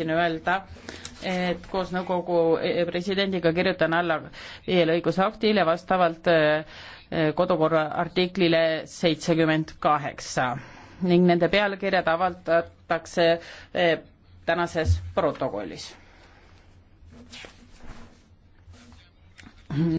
siin öelda, et koos nõukogu presidendiga kirjutan alla viiele õigusaktile vastavalt eh, kodukorra artiklile seitsekümmend kaheksa ning nende pealkirjad avaldatakse eh, tänases protokollis